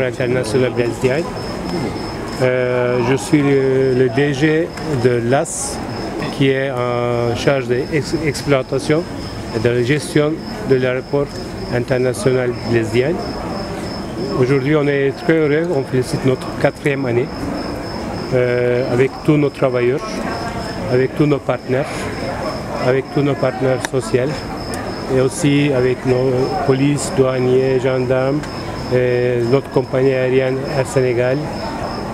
l'international euh, je suis le, DG de l'AS qui est en charge de l'exploitation et de la gestion de l'aéroport international Blesdiane. Aujourd'hui, on est très heureux, on félicite notre quatrième année euh, avec tous nos travailleurs, avec tous nos partenaires, avec tous nos partenaires sociaux et aussi avec nos polices, douaniers, gendarmes, euh, notre compagnie aérienne Air Sénégal,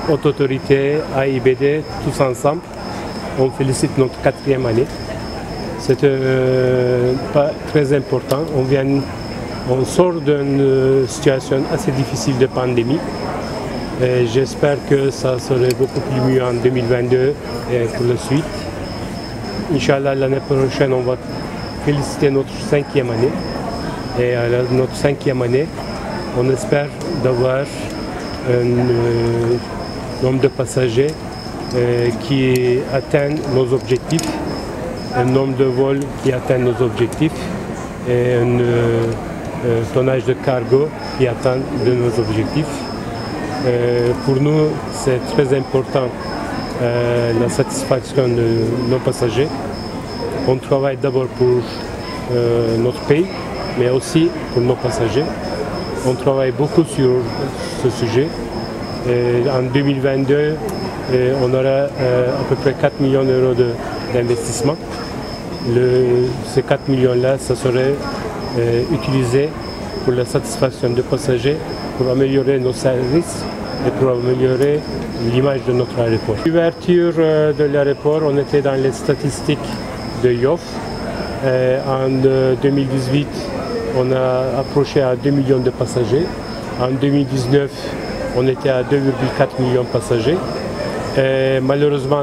Autorité, AIBD, tous ensemble. On félicite notre quatrième année. C'est euh, pas très important. On, vient, sort d'une euh, situation assez difficile de pandémie. J'espère que ça sera beaucoup plus mieux en 2022 et pour la suite. Inch'Allah, l'année prochaine, on va féliciter notre cinquième année. Et notre cinquième année, on espère d'avoir un euh, nombre de passagers euh, qui atteignent nos objectifs, un nombre de vols qui atteignent nos objectifs et un euh, tonnage de cargo qui atteint de nos objectifs. pour nous, c'est très important la satisfaction de nos passagers. On travaille d'abord pour notre pays, mais aussi pour nos passagers on travaille beaucoup sur ce sujet. en 2022, euh, on aura euh, à peu près 4 millions d'euros d'investissement. ces 4 millions-là, ça serait euh, utilisé pour la satisfaction des passagers, pour améliorer nos services et pour améliorer l'image de notre aéroport. L'ouverture de l'aéroport, on était dans les statistiques de Yoff. en 2018, on a approché à 2 millions de passagers. En 2019, on était à 2,4 millions de passagers. malheureusement,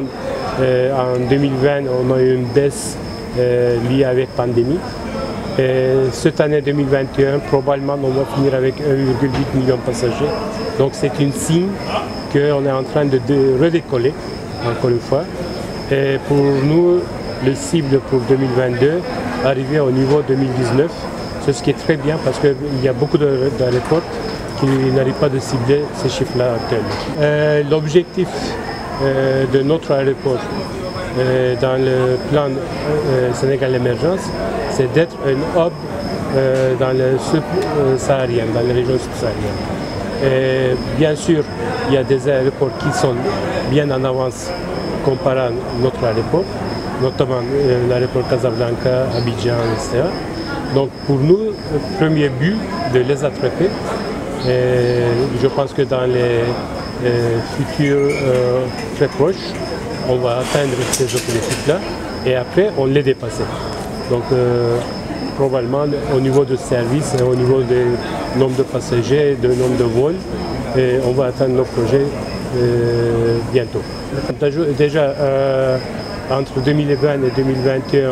euh, en 2020, on a eu une baisse euh, liée avec la pandémie. cette année 2021, probablement, on va finir avec 1,8 million de passagers. Donc c'est une signe qu'on est en train de redécoller, encore une fois. Et pour nous, le cible pour 2022, arriver au niveau 2019, c'est ce qui est très bien parce qu'il y a beaucoup d'aéroports qui n'arrivent pas de cibler ces chiffres-là actuellement. Euh, l'objectif euh, de notre aéroport euh, dans le plan Sénégal Émergence, c'est d'être un hub dans le sud saharien, dans la région sud Bien sûr, il y a des aéroports qui sont bien en avance comparant notre aéroport, notamment l'aéroport Casablanca, Abidjan, etc. Donc pour nous, premier but de les attraper. Et je pense que dans les, euh, futurs euh, très proches, on va atteindre ces objectifs-là et après on les dépasser. Donc euh, probablement au niveau de service et au niveau du nombre de passagers, du nombre de vols, on va atteindre nos projets bientôt. Déjà entre 2020 et 2021,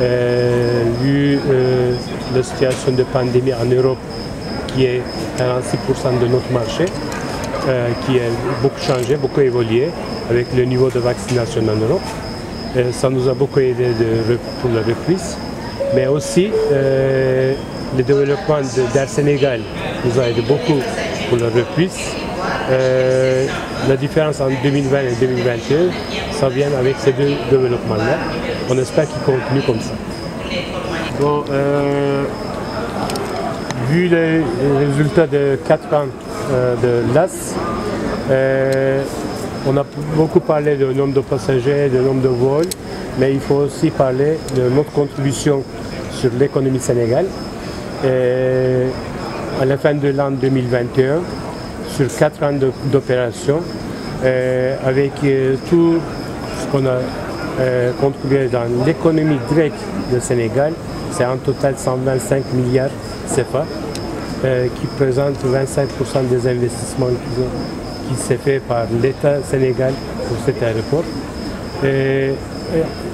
euh, vu euh, la situation de pandémie en Europe qui est 46% de notre marché, euh, qui a beaucoup changé, beaucoup évolué avec le niveau de vaccination en Europe. ça nous a beaucoup aidé pour la reprise. Mais aussi, le développement de, Sénégal nous a aidé beaucoup pour la reprise. la différence entre 2020 et 2021, ça vient avec ces deux développements-là. On espère qu'il continue comme ça. Euh, vu les résultats euh, de 4 ans de l'AS, on a beaucoup parlé du nombre de passagers, du nombre de vols, mais il faut aussi parler de notre contribution sur l'économie sénégale. à la fin de l'an 2021, sur 4 ans d'opération, euh, avec tout ce qu'on a euh, dans l'économie directe du Sénégal. C'est un total 125 milliards CFA euh, qui présente 25% des investissements qui, qui s'est fait par l'État sénégal pour cet aéroport. Euh,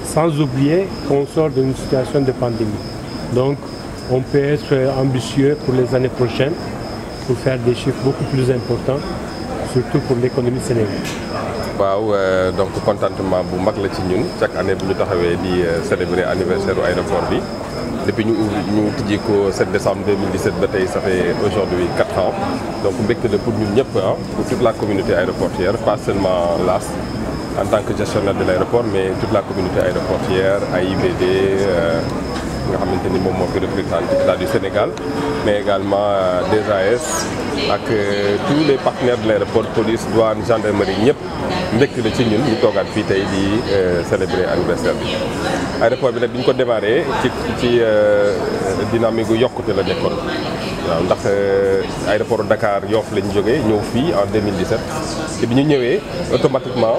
sans oublier qu'on sort d'une situation de pandémie. Donc, on peut être ambitieux pour les années prochaines pour faire des chiffres beaucoup plus importants, surtout pour l'économie sénégalaise. waaw euh, donc contentement bu mag la ci ñun chaque année bu ñu taxawee di euh, célébrer anniversaire u aéroport bi depuis ñu ñu tijji ko 7 décembre 2017 ba tey ça fait aujourd'hui 4 ans donc mbégte la pour ñun ñëpp ah pour toute la communauté aéroportière pas seulement l'AS en tant que gestionnaire de l'aéroport mais toute la communauté aéroportière AIBD. Euh, nga xamante ni moom moo fi représente l'État du Sénégal mais également euh, des ak euh, tous les partenaires de l'aéroport police douane gendarmerie ñëpp mbégte la ci ñun ñu toogaat fii tey di euh, célébrer anniversaire bi aéroport bi nag bi ko démarré ci ci dynamique gu yokkute la nekkoon L'aéroport ndax euh, aéroport Dakar Yoff lañ en 2017 et nous ñëwé automatiquement automatiquement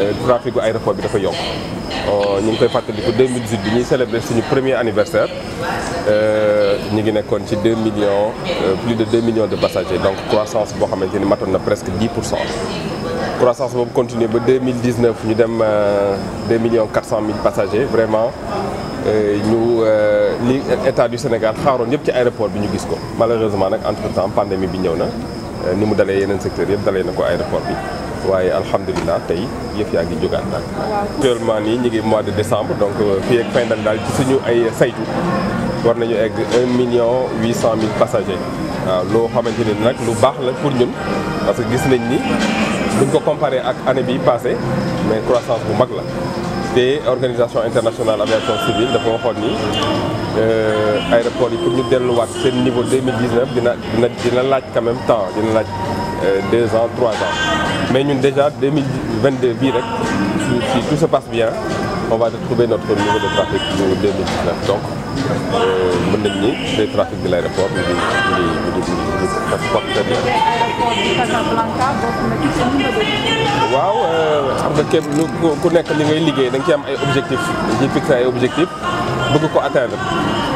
euh, trafic l'aéroport aéroport bi dafa yokk euh, ñu ngi koy 2018 bi ñuy célébrer suñu premier anniversaire Nous ngi nekkon 2 millions plus de 2 millions de passagers donc croissance est xamanteni presque 10 croissance continue. continuer ba 2019 nous avons 2 millions 400 000 passagers vraiment Euh, ñu euh, li état du Sénégal xaaroon yëpp ci aéroport bi ñu gis ko malheureusement nag entre temps pandémie bi ñëw na euh, ni mu dalee yeneen secteur yëpp dalee na ko aéroport bi waaye alhamdulilah tey yëf yaa ngi jógaat daal. actuellement nii ñu ngi mois de décembre donc fi fii ak fin daal ci suñu ay saytu war nañu egg un million huit cent mille passagers. waaw loo xamante ni nag lu baax la pour ñun parce que gis nañ ni buñ ko comparé ak anne bi passée mais croissance bu mag la. des organisation internationale aviation civile de waxoon ni euh, aéroport yi pour ñu c'est niveau 2019 dina a un quand même temps dina a euh, deux ans trois ans mais sommes déjà 2022 si tout se passe bien on va retrouver notre niveau de trafic bu 2019 donc euh, mën nañ ni tey bi l'aéroport mu ngi mu ngi mu ngi mu ngi transport très bien. waaw euh, xam ku nekk li ngay liggéey da nga ci am ay objectif dañ ciy fixé ay objectifs ko atteindre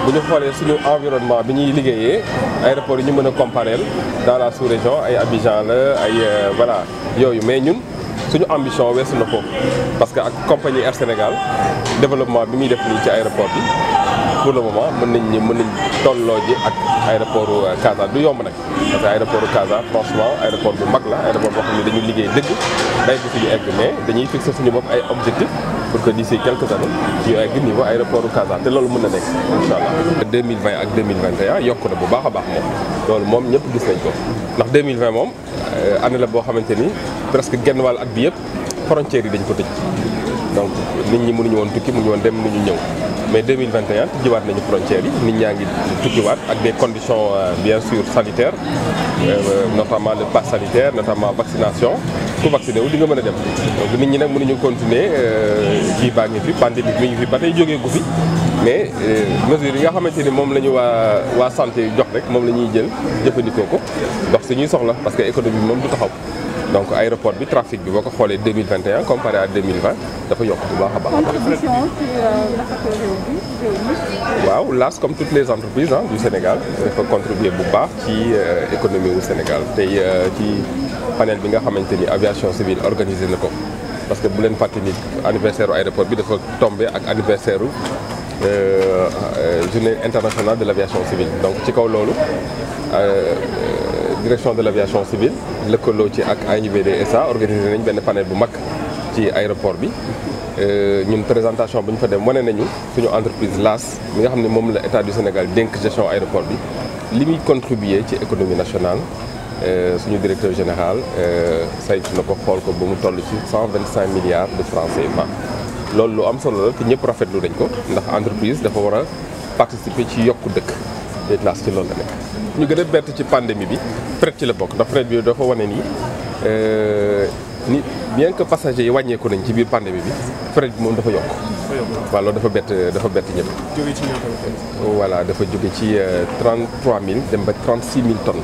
bu ñu xoolee suñu environnement bi ñuy liggéeyee aéroport yu ñu mën a compareel dans la sous-région ay Abidjan la ay euh, voilà yooyu mais ñun. suñu ambition weesu na foofu parce que ak compagnie Air Sénégal développement bi muy def nii ci aéroport bi pour le moment mën nañ mën nañ tolloo ji ak aéroport euh, Casa du yomb nag parce que aéroport Casa franchement aéroport bu mag la aéroport boo xam ne dañu liggéey dëgg day bu suñu egg mais dañuy fixer suñu bopp ay objectif pour que d'ici quelques années ñu egg niveau aéroport Casa te loolu mën na nekk incha allah 2020 ak 2021 yokk na bu baax a baax moom loolu moom ñëpp gis nañ ko ndax 2020 moom Euh, année la boo xamante ni presque genn wàll at bi yëpp frontières yi dañ ko tëj donc nit ñi mënuñu woon tukki mënuñu woon dem ñu ñëw. mais 2021 djiwat nañu frontière yi nit ñaa ngi tukkiwaat ak des conditions euh, bien sûr sanitaires euh, euh, notamment le pass sanitaire notamment vaccination ku vacciné wu di nga mëna dem donc nit ñi nag mënuñu continuer euh baa ngi fi pandémie mi ngi fi batay joggé jógee gu fi mais mesure yi nga xamanteni ni moom la ñu waa waa santé jox rek moom la ñuy jël jëfandikoo ko dox si ñuy soxla parce que économie moom du taxaw donc l'aéroport, le trafic bi boo ko 2021 comparé à 2020 dafa yokk bu baax a baax. contribution ci euh, waaw LAS comme toutes les entreprises hein, du Sénégal faut contribuer beaucoup baax l'économie euh, économie Sénégal euh, ci panel bi nga xamante aviation civile organisé le coup parce que bu leen pas ni anniversaire aéroport bi dafa tomber avec anniversaire euh, euh, journée internationale de l'aviation civile donc c'est kaw loolu direction de l'aviation civile le colloque ak AIBD SA organisé nañ panel bu mac ci aéroport bi euh, ñun présentation bu ñu fa dem wane nañu suñu entreprise LAS mi nga xam ne la état du Sénégal dénk gestion aéroport bi li muy contribuer ci économie nationale euh, suñu directeur général euh, saytu na ko xool ko ba mu 125 ci milliards de francs CFA loolu lu am solo la te ñëpp rafetlu dañ ko ndax entreprise dafa war participer ci yokku dëkk de LAS ci loolu la ñu gën a bett ci pandémie bi fret ci la bokk ndax fret bi dafa wane nii euh, ni bien que passager yi wàññeeku nañ ci biir pandémie bi fret bi moom dafa yokk waaw dafa bett dafa bett ñëpp voilà dafa jóge ci 33 euh, mille dem ba 36 mille ton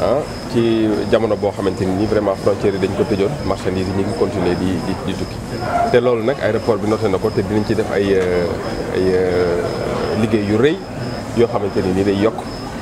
ah ci jamono boo xamante ni vraiment frontières yi dañ ko tëjoon marchandises yi ñu ngi continuer di di di tukki te loolu nag aéroport bi te na ko te dinañ ci def ay euh, ay liggéey yu rëy yoo xamante ni nii day yokk